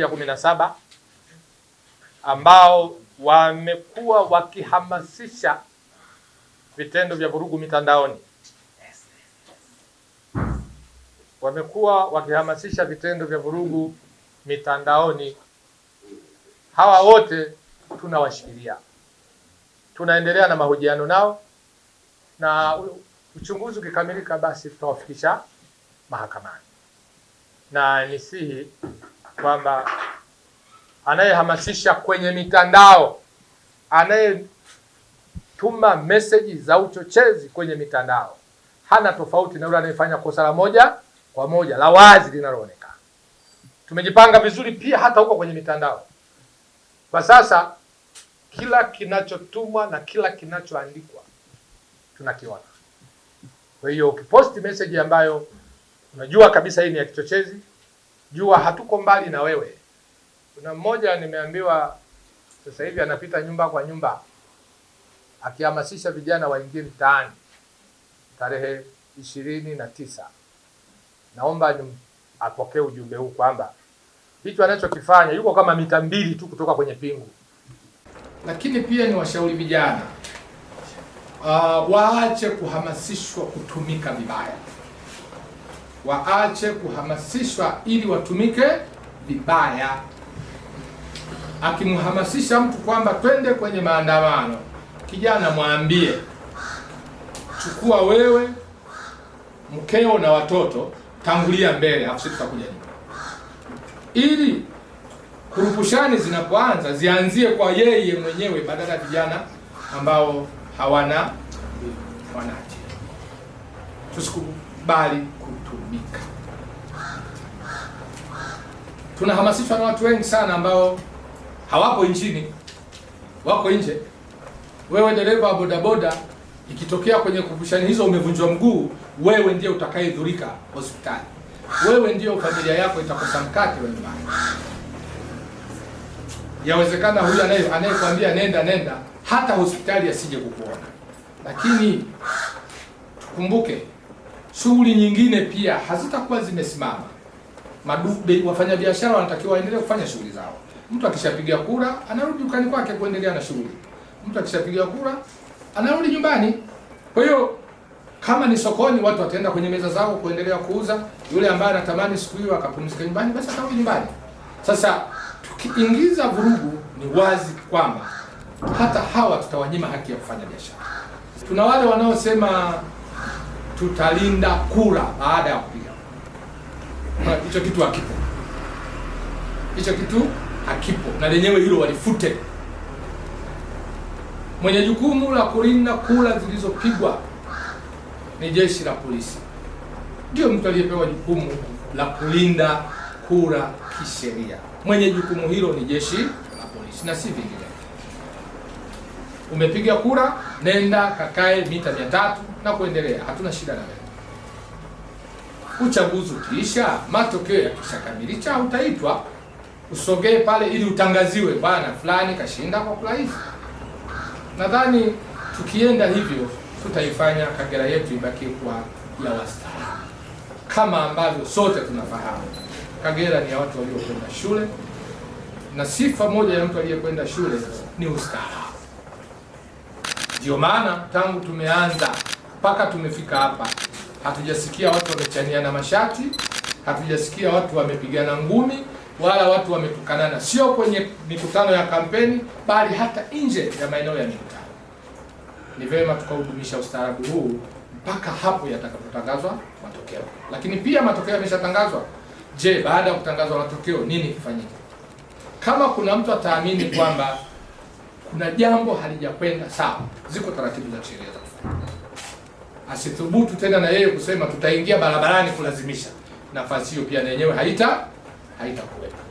ya kumi na saba ambao wamekuwa wakihamasisha vitendo vya vurugu mitandaoni, wamekuwa wakihamasisha vitendo vya vurugu mitandaoni. Hawa wote tunawashikilia, tunaendelea na mahojiano nao, na uchunguzi ukikamilika, basi tutawafikisha mahakamani na nisihi kwamba anayehamasisha kwenye mitandao, anayetuma meseji za uchochezi kwenye mitandao hana tofauti na yule anayefanya kosa la moja kwa moja la wazi linaloonekana. Tumejipanga vizuri pia hata huko kwenye mitandao. Kwa sasa kila kinachotumwa na kila kinachoandikwa tunakiona. Kwa hiyo ukiposti meseji ambayo unajua kabisa hii ni ya kichochezi jua hatuko mbali na wewe. Kuna mmoja nimeambiwa sasa hivi anapita nyumba kwa nyumba akihamasisha vijana waingie mtaani tarehe ishirini na tisa. Naomba apokee ujumbe huu kwamba hicho anachokifanya yuko kama mita mbili tu kutoka kwenye pingu. Lakini pia ni washauri vijana uh, waache kuhamasishwa kutumika vibaya waache kuhamasishwa ili watumike vibaya. Akimhamasisha mtu kwamba twende kwenye maandamano, kijana mwambie, chukua wewe mkeo na watoto, tangulia mbele, afu tutakuja nyuma, ili kurupushani zinapoanza zianzie kwa yeye mwenyewe badala ya vijana ambao hawana wanaje. akili bali kutumika. Tunahamasishwa na watu wengi sana ambao hawapo nchini, wako nje. Wewe dereva wa bodaboda, ikitokea kwenye kuvushani hizo umevunjwa mguu, wewe ndiye utakayedhurika hospitali, wewe ndiyo familia yako itakosa mkate wa nyumbani. Yawezekana huyu anayekwambia nenda nenda, hata hospitali asije kukuona, lakini tukumbuke shughuli nyingine pia hazitakuwa zimesimama. Madudu wafanyabiashara wanatakiwa waendelee kufanya shughuli zao. Mtu akishapiga kura anarudi dukani kwake kuendelea na shughuli. Mtu akishapiga kura anarudi nyumbani. Kwa hiyo kama ni sokoni, watu wataenda kwenye meza zao kuendelea kuuza. Yule ambaye anatamani siku hiyo akapumzika nyumbani, basi atarudi nyumbani. Sasa tukiingiza vurugu, ni wazi kwamba hata hawa tutawanyima haki ya kufanya biashara. Tuna wale wanaosema tutalinda kura baada ya kupiga Hicho kitu hakipo, hicho kitu hakipo, na lenyewe hilo walifute. Mwenye jukumu la kulinda kura zilizopigwa ni jeshi la polisi, ndio mtu aliyepewa jukumu la kulinda kura kisheria. Mwenye jukumu hilo ni jeshi la polisi na si vingine umepiga kura, nenda kakae mita mia tatu na kuendelea, hatuna shida na wewe. Uchaguzi ukiisha, matokeo yakishakamilisha, utaitwa usogee pale ili utangaziwe, bwana fulani kashinda kwa kura hizi. Nadhani tukienda hivyo tutaifanya Kagera yetu ibaki kwa ya wastani, kama ambavyo sote tunafahamu Kagera ni ya watu waliokwenda shule, na sifa moja ya mtu aliyekwenda shule ni ustaarabu. Ndio maana tangu tumeanza mpaka tumefika hapa, hatujasikia watu wamechaniana mashati, hatujasikia watu wamepigana ngumi, wala watu wametukanana, sio kwenye mikutano ya kampeni, bali hata nje ya maeneo ya mikutano. Ni vema tukaudumisha ustaarabu huu mpaka hapo yatakapotangazwa matokeo. Lakini pia matokeo yameshatangazwa. Je, baada ya kutangazwa matokeo nini kifanyike? Kama kuna mtu ataamini kwamba kuna jambo halijakwenda sawa, ziko taratibu za sheria za kufanya. Asithubutu tena na yeye kusema tutaingia barabarani kulazimisha. Nafasi hiyo pia na yenyewe haita haitakuwepo.